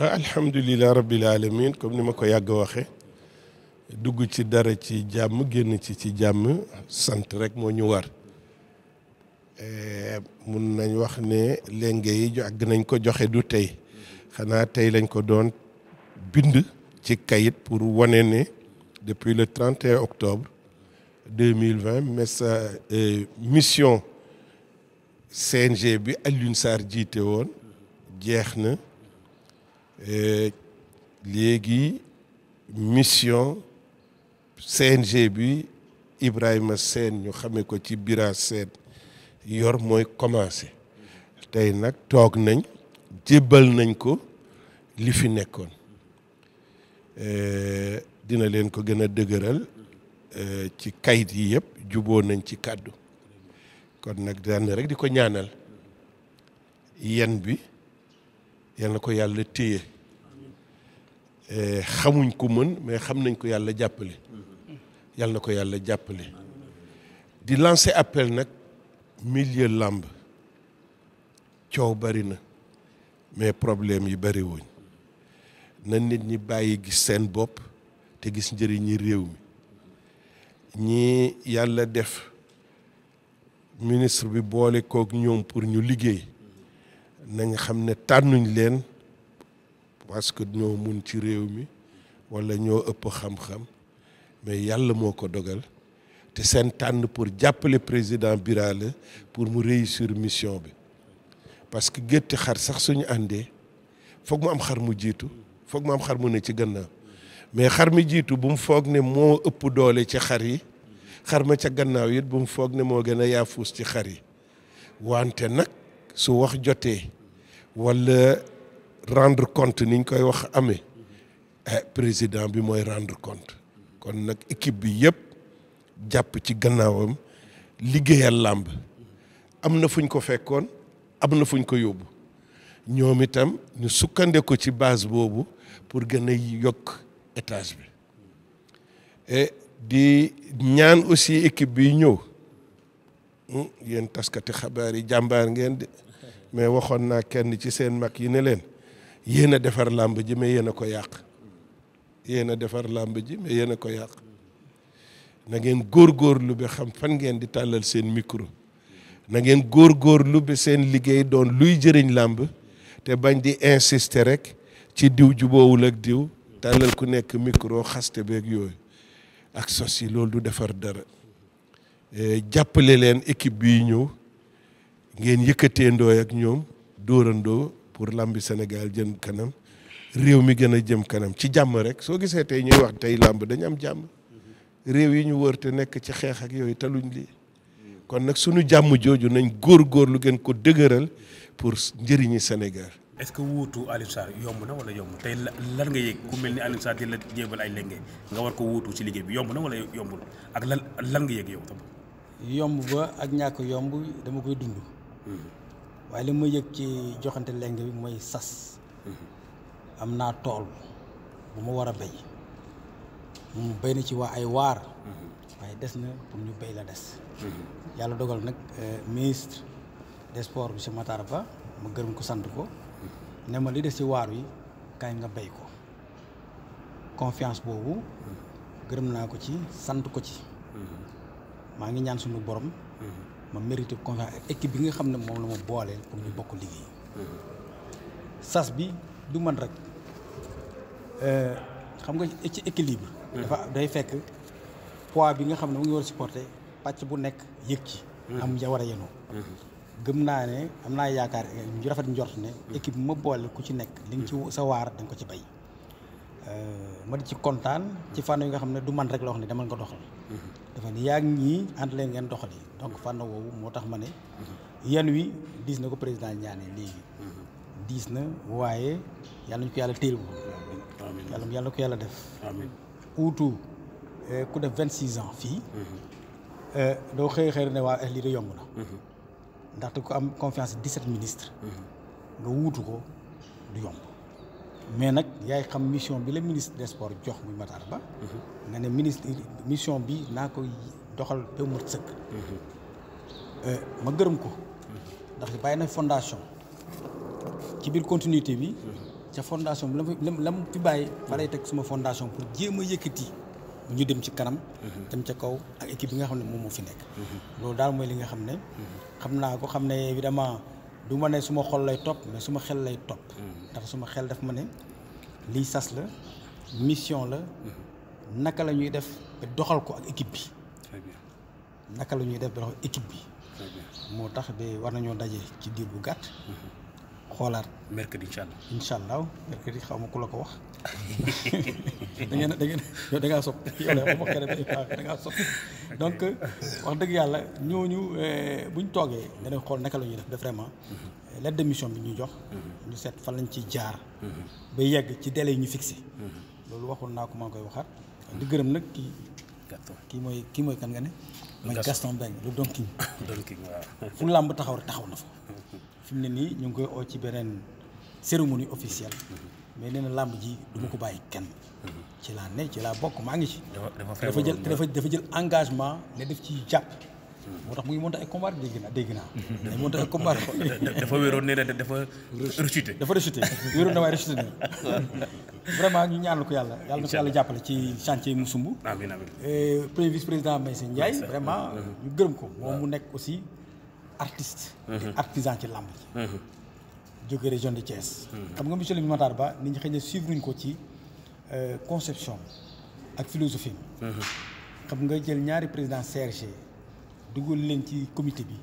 Ah, alhamdulilah rabbil alamin comme ni ma ko yàgg waxe dugg ci dara ci jàmm génn ci ci jàmm sant rek moo ñu war eh, mun nañ wax ne lenge yi àgg nañ ko joxe du tey xanaa tey lañ ko doon bind ci kayit pour wane ne depuis le 31 octobre 2020 messa euh, mission CNG bi Alioune Sarr jiite woon jeex na Euh, léegi mission CNG bi Ibrahima seen ñu xamee ko ci Bira Sène yor mooy commencé tey nag toog nañ jébbal nañ ko li fi nekkoon euh, dina leen ko gën a dëgëral euh, ci kayit yi yëpp juboo nañ ci kàddu kon nag daan rek di ko ñaanal yen bi yal na ko yàlla téye eh, xamuñ ko mën mais xam nañ ko yàlla jàppale yal ko yàlla jàppale di lancer appel nag milieu làmb coow bari na mais problème yi bari wuñ na nit ñi bàyyi gis seen bopp te gis njëriñi réew mi ñi yàlla def ministre bi boole kook ñoom pour ñu liggéey nañ xam ne tànnuñ leen parce que ñoo mun ci réew mi walla ñoo ëpp xam-xam mais yàlla moo ko dogal te seen tànn pour jàppale président Bira pour mu réussir mission bi parce que gétti xar sax suñu àndee foog mu am xar mu jiitu foog mu am xar mu ne ci gannaaw mais xar mi jiitu bu mu foog ne moo ëpp doole ci xar yi xar ma ca gannaaw it bu mu foog ne moo gën a yaafuus ci xar yi wante nag su wax jotee wala rendre compte niñ koy wax amee eh, président bi mooy rendre compte kon nag équipe bi yëpp jàpp ci gannaawam liggéeyal làmb am na fu ñu ko fekkoon am na fu ñu ko yóbbu ñoom itam ñu sukkande ko ci base boobu pour gën a yokk étage bi eh, di ñaan aussi équipe bi ñëw Hmm, yéen taskati xabaar yi jàmbaar ngeen de mais waxoon naa kenn ci seen mag yi ne leen yéen a defar làmb ji mais yéen a ko yàq yéen a defar làmb ji mais yéen a ko yàq na ngeen góor bi fan ngeen di tàllal seen micro na ngeen góorgóorlu bi seen liggéey doon luy jëriñ làmb te bañ di insister rek ci diw juboowul ak diw tàllal ku nekk micro xaste beeg yooyu ak sos yi loolu du defar dara Eh, jàppale leen équipe bii ñëw ngeen yëkkatee ndooy ak ñoom dóorandoo pour làmbi Sénégal jën kanam réew mi gën a jëm kanam ci jàmm rek soo gisee tey ñuy wax tey làmb dañu am jàmm réew yi ñu wër nekk ci xeex ak yooyu taluñ lii kon nag sunu jàmm jooju nañ góor góor lu gën ko dëgëral pour njëriñi Sénégal est-ce que wuutu Alioune yomb na wala yomb tey lan nga yëg ku mel ni Alioune Sarr di la jéebal ay lenge nga war ko wutu ci liggéey bi yomb na wala yombul ak lan lan nga yëg yow yomb ba ak ñàkk yomb dama koy dund. Mm-hmm. waaye li ma yëg ci joxante lenge bi mooy sas. Mm-hmm. am naa tool bu ma war a bay mu béy na ci waa ay waar. Mm-hmm. waaye des na pour ñu bay la des. yàlla dogal nag euh, ministre des sports monsieur Matar Ba ma gërëm ko sant ko. ne ma li def ci waar wi kaay nga bay ko confiance boobu gërëm naa ko ci sant ko ci maa ngi ñaan suñu borom ma mérité confiance ak équipe bi nga xam ne moom la ma booleel pour ñu bokk liggéey sas bi du man rek euh, xam nga ci équilibre dafa day fekk poids bi nga xam ne mu ngi war supporter pàcc bu nekk yëg ci am ja war a yenoo gëm naa ne am naa yaakaar ñu rafet njort ne équipe ma boole ku ci nekk li nga ci sa waar da nga ko ci bay euh, ma di ci kontaan ci fànn yi nga xam ne du man rek la wax ne demal nga doxal dafa ni yàgg ñii ànd leen ngeen doxal yi donc fànn woowu moo tax ma ne yan wi diis na ko président ñaane léegi diis na waaye yàlla ñu ko yàlla téel bu yàlla yàlla ko yàlla def uutu euh, ku def vingt six ans fii mhm. euh, doo xëy xëy ne waa lii de yomb na mhm. ndaxte ku am confiance 17 ministres. nga wuutu ko du yomb. mais nag yaay xam mission bi la ministre des sports jox muy Matar Ba. nga ne ministre mission bi naa koy doxal ba mu sëkk. Euh, ma gërëm ko. ndax bàyyi nag fondation. ci biir continuité bi. ca fondation bi la mu fi bàyyi. fa lay teg suma fondation pour jéem a yëkkati. ñu dem ci kanam. Mhm. dem ca kaw ak équipe bi nga xam ne moom moo fi nekk. Mhm. loolu daal mooy li nga xam ne. Mhm. xam naa ko xam ne évidemment du ma ne suma xol lay topp mais suma xel lay topp. ndax suma xel daf ma ne lii sas la mission la naka la ñuy def doxal ko ak équipe bi. naka la ñuy def ba doxal équipe bi. moo tax ba war nañoo ndaje ci diir bu gàtt. xoolaat. mercredi incha allah allah xaw ma ku la ko wax. da ngeen da ngeen yow da donc wax dëgg yàlla ñooñu eh, bu ñu toogee. danañ xool naka la ñuy def de vraiment. Mm-hmm. lettre de bi ñu jox. Mm-hmm. ñu seet fan lañ ciy jaar. Mm-hmm. ba yegg ci délai yi ñu fixé. loolu waxul naa ko maa koy waxaat. di gërëm nag kii. kii mooy kii mooy kan nga ne. mooy Gaston Mbengue lu Don King. Don fu làmb taxaw rek taxaw na fa. fi mu ne nii ñu ngi koy oo ci beneen cérémonie officielle mm-hmm. mais nee na ji du ma ko bàyyi kenn mm-hmm. ci laa ne ci laa bokk maa ngi ci dafa jël dafa jël engagement ne def ci jàpp mm-hmm. moo tax mu ngi monté ay combat dégg naa dégg naa day monté ay combat dafa wéroon nee na dafa rechuté dafa rechuté wéroon damay rechuté na vraiment ñu ñaanal ko yàlla yàlla na ko yàlla jàppale ci chantier mu sumb amiin amiin premier vice président Maïssa Ndiaye vraiment ñu gërëm ko moom mu nekk aussi artiste te mm-hmm. artisan ci làmb ji mm-hmm. jóge région de Thiès mm-hmm. xam nga monsieur le Matar Ba ni ñi xëy na suivre ñu ko ci euh, conception ak philosophie xam nga jël ñaari président CRG duggul leen ci comité bi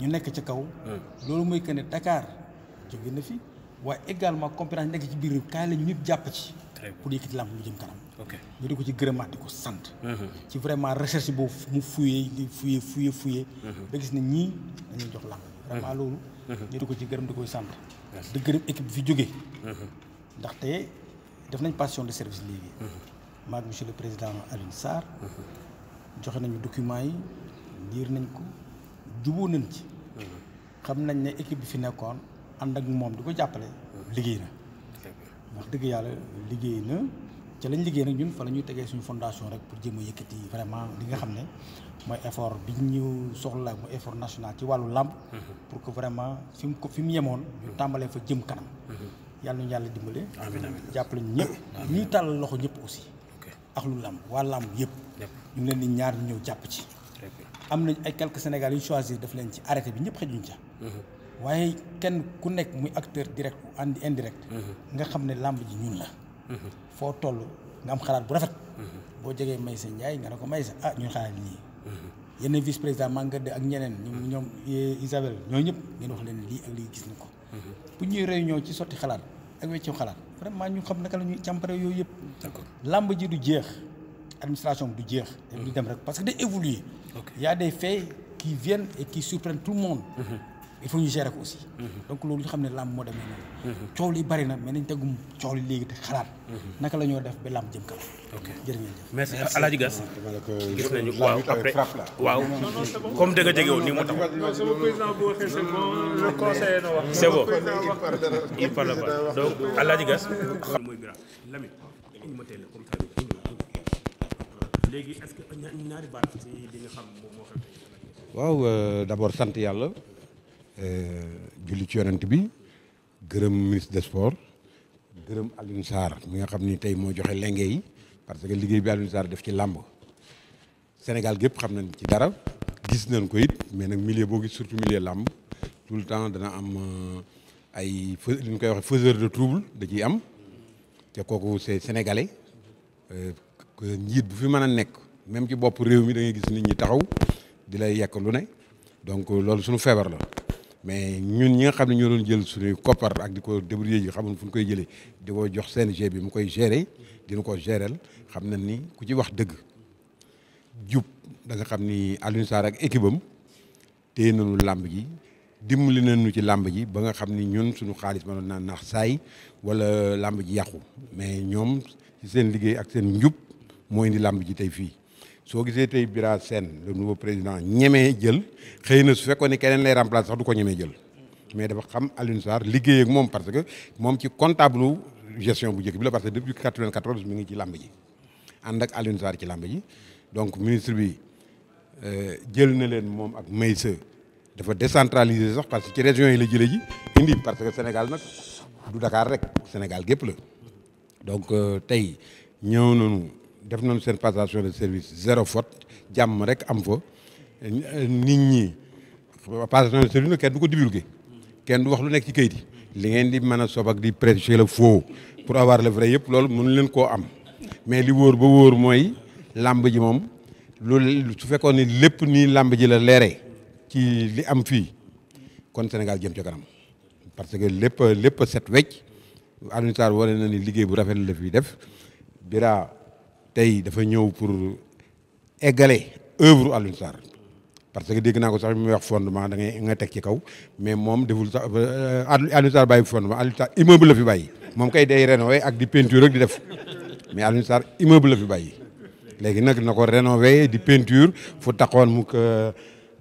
ñu nekk ci kaw loolu mooy que ne Dakar jóge na fi waaye également compétence nekk ci biir kaay la ñu ñëpp jàpp ci pour yëkkati làmb mu jëm kanam ñu ko ci gërëmaat di ko sant mm-hmm. ci vraiment recherche boobu mu fuyee di fuyee fuyee fuyee mm-hmm. ba gis ne ñii dañuy jox làmb mm-hmm. vraiment loolu ñu di ko ci gërëm di koy sant di gërëm équipe bi fi jógee ndaxte def nañ passation de service léegi maag monsieur le président Alioune Sarr joxe nañu documents yi liir nañ ko juboo nañ ci xam nañ ne équipe bi fi nekkoon ànd ak moom di ko jàppale liggéey na wax dëgg yàlla liggéey na ca lañ liggéey nag ñun fa la ñuy tegee suñu fondation rek pour jéem a yëkkati vraiment li nga xam ne mooy effort bi ñu soxla mooy effort national ci wàllu làmb mhm. pour ko vraiment fi mu ko fi mu yemoon ñu mhm. tàmbalee fa jëm kanam mhm. yàlla ñu yàlla dimbale jàpp amiin jàppale ñu ñëpp ñuy tàllal loxo ñëpp aussi ak lu làmb waa làmb yëpp ñu ngi leen ñaar ñu ñëw jàpp ci am nañ ay quelques sénégal yi choisir daf leen ci arrêté bi ñëpp xejuñ ca waaye kenn ku nekk muy acteur direct ou indirect mhm. nga xam ne làmb ji ñun la mhm. foo toll nga am xalaat bu rafet mhm. boo jegee Maysa Ndiaye nga ne ko Maysa ah ñu xalaat nii yenn vice président Mangade ak ñeneen ñoom ñoom eh, Isabel ñooñu ñëpp ngeen wax leen lii ak lii gis nañ ko bu ñuy réunion ci sotti xalaat ak weccu xalaat vraiment ñu xam naka la ñuy càmpare yooyu yëpp làmb ji du jeex administration du jeex du dem rek parce que day évoluer y a des faits qui viennent et qui surprennent tout le monde il faut ñu gérer ko aussi. donc loolu ñu xam ne làmb moo demee noonu. coow li bari na mais nañ tegum coow li léegi te xalaat. naka la ñoo def ba làmb jëm kanam. ok jërëjëf waaw après waaw comme dëgg na wax. c'est bon il parle pas euh, sant yàlla. Euh, julli ci yonent bi gërëm ministre des sports gërëm Alioune Sarr mi nga xam ni tey moo joxe lenge yi parce que liggéey bi Alioune Sarr def ci làmb Sénégal gépp xam nañ ci dara gis nañ ko it mais nag millier boo gis surtout milieu làmb tout le temps dana am euh, ay fa li ñu koy waxe faiseur de trouble da ciy am te kooku c'est sénégalais euh, njiit bu fi mën a nekk même ci bopp réew mi da gis nit ñi taxaw di lay yekk lu ne donc loolu sunu feebar la. mais ñun ñi nga xam ne ñoo doon jël suñuy koppar ak di ko débrouiller yi xamul fu ñu koy jëlee di ko jox seen CNG bi mu koy gérer dina ko géréel xam na ni ku ci wax dëgg jub danga xam ni Alioune Sarr ak équipe am téye làmb ji dimbali nañu ci làmb ji ba nga xam ni ñun suñu xaalis mënoon naa nax saay wala làmb ji yàqu mais ñoom ci seen liggéey ak seen njub moo indi làmb ji tey fii soo gisee tey Bira Sène le nouveau président ñemee jël xëy na su fekkoon ne keneen lay remplacer sax du ko ñemee jël mais dafa xam Alioune Sarr liggéey moom parce que moom ci comptable gestion bu njëkk bi la parce que depuis 94 mi ngi ci làmb ji ànd ak Alioune Sarr ci làmb ji donc ministre bi euh, jël na leen moom ak Maysa dafa décentraliser sax parce que ci régions yi la jëlee ji indi parce que Sénégal nag du Dakar rek Sénégal gépp la donc euh, tey ñëw nañu. def nañu seen passation de service zéro faute jàmm rek am fo nit ñi passation de service nag kenn du ko divulgué kenn du wax lu nekk ci kayit yi li ngeen di mën a sob ak di prêcher le faux pour avoir le vrai yëpp loolu mënu leen koo am mais li wóor ba wóor mooy làmb ji moom lu su fekkoon ni lépp nii làmb ji la leeree ci li am fii kon Sénégal jëm ca kanam parce que lépp lépp set wecc Alioune Sarr wane na ni liggéey bu rafet la fi def bira tey dafa ñëw pour égaler œuvre Alioune Sarr parce que dégg naa ko sax bi muy wax fondement da ngay nga teg ci kaw mais moom deful sax euh, Alioune Sarr bàyyi fondement Alioune Sarr immeuble la fi bàyyi moom kay day rénové ak di peinture rek di def mais Alioune Sarr immeuble la fi bàyyi léegi nag na ko rénové di peinture fu taxoon mu euh,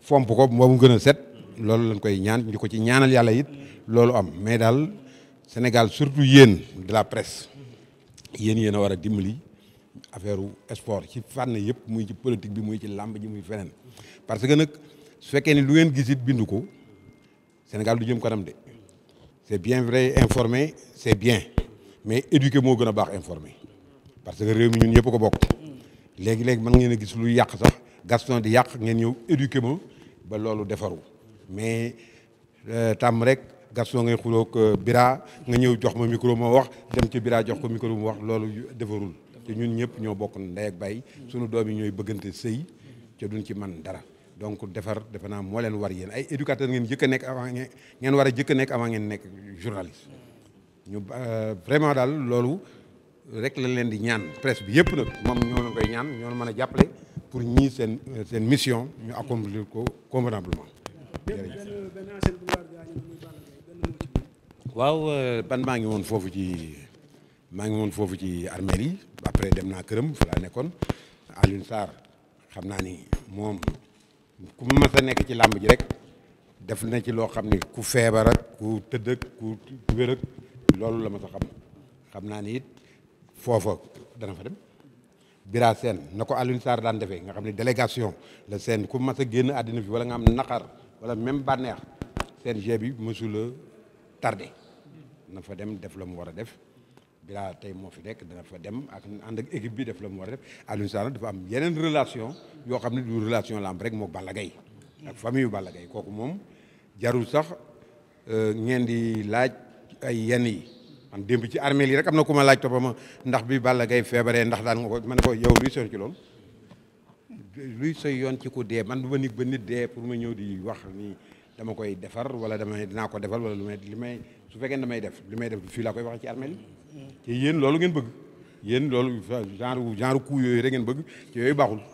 fomp ko ba mu gën a set loolu lañ koy ñaan ñu ko ci ñaanal yàlla it loolu am mais daal Sénégal surtout yéen de la presse yéen yéen a war a dimbali. affaire sport ci fànn yëpp muy ci politique bi muy ci làmb ji muy feneen parce que nag su fekkee ni lu ngeen gis it bindu ko Sénégal du jëm kanam de c'est bien vrai informé c'est bien mais éduqué moo gën a baax informé parce que réew mi ñun yëpp ko bokk léegi léegi mën ngeen a gis lu yàq sax Gaston di yàq ngeen ñëw éduqué ma ba loolu defaru mais euh, tàmm rek Gaston ngay xuloog euh, Bira nga ñëw jox ma micro moo wax dem ci biraa jox ko micro ma wax loolu defarul. te ñun ñëpp ñoo bokk ndey bay sunu doom yi ñooy bëggante sëy ca duñ ci man dara donc defar defe naa moo leen war yéen ay éducateur ngeen jëkk a nekk avant ngeen war a jëkk a nekk avant ngeen nekk journaliste ñu euh, vraiment daal loolu rek lañ leen di ñaan presse bi yëpp nag moom ñoo leen koy ñaan ñoo mën a jàppale pour ñii seen seen mission ñu accomplir ko convenablement waaw euh, ban maa ngi woon foofu ci maa ngi woon foofu ci armeel yi après dem naa këram fa laa nekkoon Alioune saar xam naa ni moom ku mës nekk ci làmb ji rek def na ci loo xam ni ku feebar ku tëdd ak ku wér loolu la ma xam xam naa ni it foofa dana fa dem Bira seen na ko Alioune Sarr daan defee nga xam ne délégation la seen ku mas a génn àddina fi wala nga am naqar wala même bànneex seen g bi mësula tardé na fa dem def la mu war a def Bilal tey moo fi nekk dana fa dem ak ànd ak bi def la mu war a dafa am yeneen relation yoo xam ne du relation lamb rek moo Balla gay ak famille yu Balla gay kooku moom jarul sax euh, ngeen di laaj ay yenn yi man démb ci armée yi rek am na ku ma laaj toppama ndax bi Balla gay feebaree ndax daan nga ko man ko yow luy soon ci loolu luy soy yoon ci ku dee man ba nit ba nit dee pour ma ñëw di wax ni dama koy defar wala dama dinaa ko defar wala lu may li may su fekkee damay def lu may def fii laa koy wax ci armée te yéen loolu ngeen bëgg yéen loolu genre genre coup yooyu rek ngeen bëgg ci yooyu baaxul